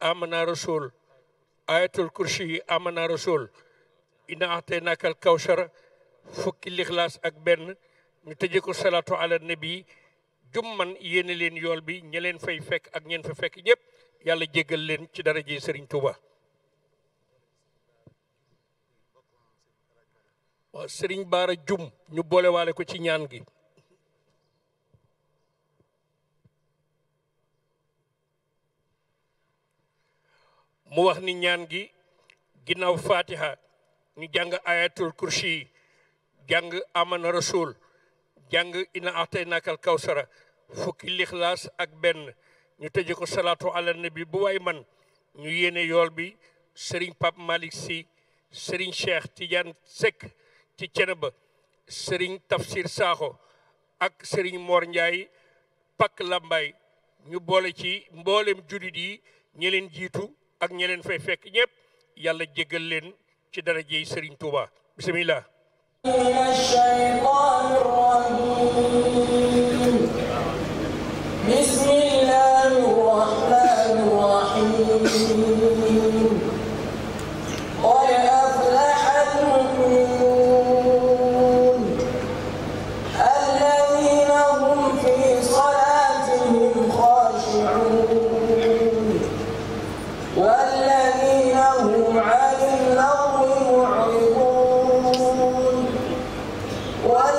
amana rasul ayatul kursi amana rasul ina axtee nakal kawsar fukki lixlaas ak benn ñu tëje ko salaatu ala nabi man yéene leen yool bi ña leen fay fekk ak ñeen fa fekk ñëpp yàlla jéggal leen ci daraje sëriñ Touba. waaw sëriñ Baara Jum ñu boolewaale ko ci ñaan gi mu wax ni ñaan gi ginnaaw fatiha ñu jàng ayatul kursi yi jàng amana rasul jàng ina atay nakal kawsara fukki lixlaas ak benn ñu tëje ko salaatu ala nabi bu waay man ñu yéene yool bi sëriñ Pape Malick Sy sëriñ Cheikh Tidiane Seck ci Ceneba sëriñ Tafsir Sakho ak sëriñ Mor Ndiaye Pak Lambaay ñu boole ci mboolem jullit yi ñi leen jiitu ak ñi leen fay fekk ñëpp yàlla jégal leen ci darajey Serigne Touba bisimilah. بسم الله الرحمن الرحيم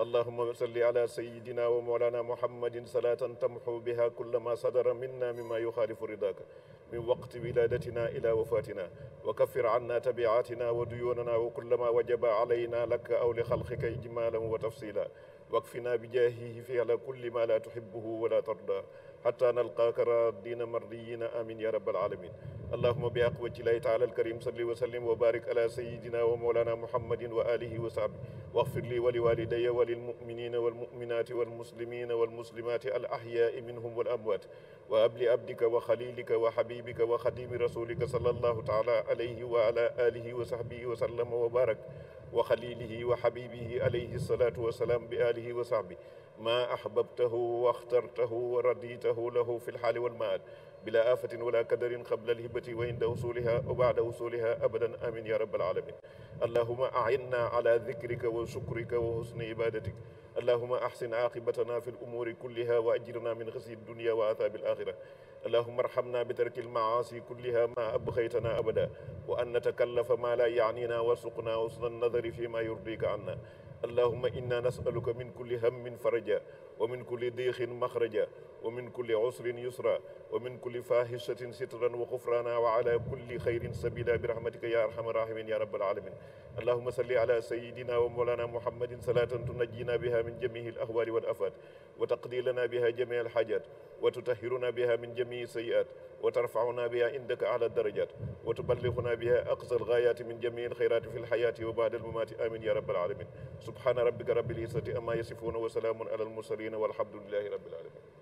allahuma salli ala sayidina wa mawlana muhammadin salatan tamxu biha kulla ma sadara minna mima yuxaalifu ridaka min waqti wiladatina ila wafatina wa kaffir anna tabiatina wa duyuunana wa kulla ma wajaba alayna laka aw li xalqika ijmalan wa tafsila wakfina bijaahihi fi ala kulli ma la tuhibuhu wala tarda xata nalqaaka radina mardiyina amin ya rabbal alamin allahuma bi aqwatillahi taala alkarim salli wa sallim wa barik ala sayidina wa mawlana muhammadin wa alihi wa sahbi waxfir li wa liwalidaya wa lilmuminina walmuminati walmuslimina walmuslimati al ahyai minhum wal amwaat wa abli abdika wa xalilika wa xabibika wa xadimi rasulika sallallahu taala alayhi wa ala alihi wa sahbihi wa sallama wa barak wa xalilihi wa xabibihi alayhi salaatu wa salaam bi alihi wa sahbi ma ahbabtahu wa axtartahu wa raditahu lahu fi lxaali walmaad bila afatin wala kadarin qabla alhibati wa inda usuliha wa bada usuliha abadan amin ya rabbal alamin allahuma ainna ala dikrika wa sukrika wa husni ibadatik allahuma ahsin aqibatana fi lumuuri kulliha wa ajirna min xasi dunia wa athaabi alaxira allahuma arhamna bi tarki almaasi kulliha ma abxaytana abada wa an natakallafa ma la yaanina warsuqna usna nadari fi ma yurdika anna allahuma inna nasaluka min kulli hammin faraja wa min kulli diixin maxraja wa min kulli usrin yusra wa min kulli fahishatin sitran wa xufrana wa ala kulli xayrin sabila bi rahmatika ya arhamar rahimin ya rabbal alamin allahuma salli ala sayidina wa mawlana muhammadin salatan tunajjina biha min jamihi al ahwali wal afat wa taqdi lana biha jamii al hajat wa tutahhiruna biha min jamii sayiat wa tarfauna biha indaka ala darajat wa tuballighuna biha aqsa al ghayati min jamii al khayrati fi al hayati wa ba'da al mamati amin ya rabbal alamin subhana rabbika rabbil izzati amma yasifuna wa salamun ala al mursalin walhamdulillahi rabbil alamin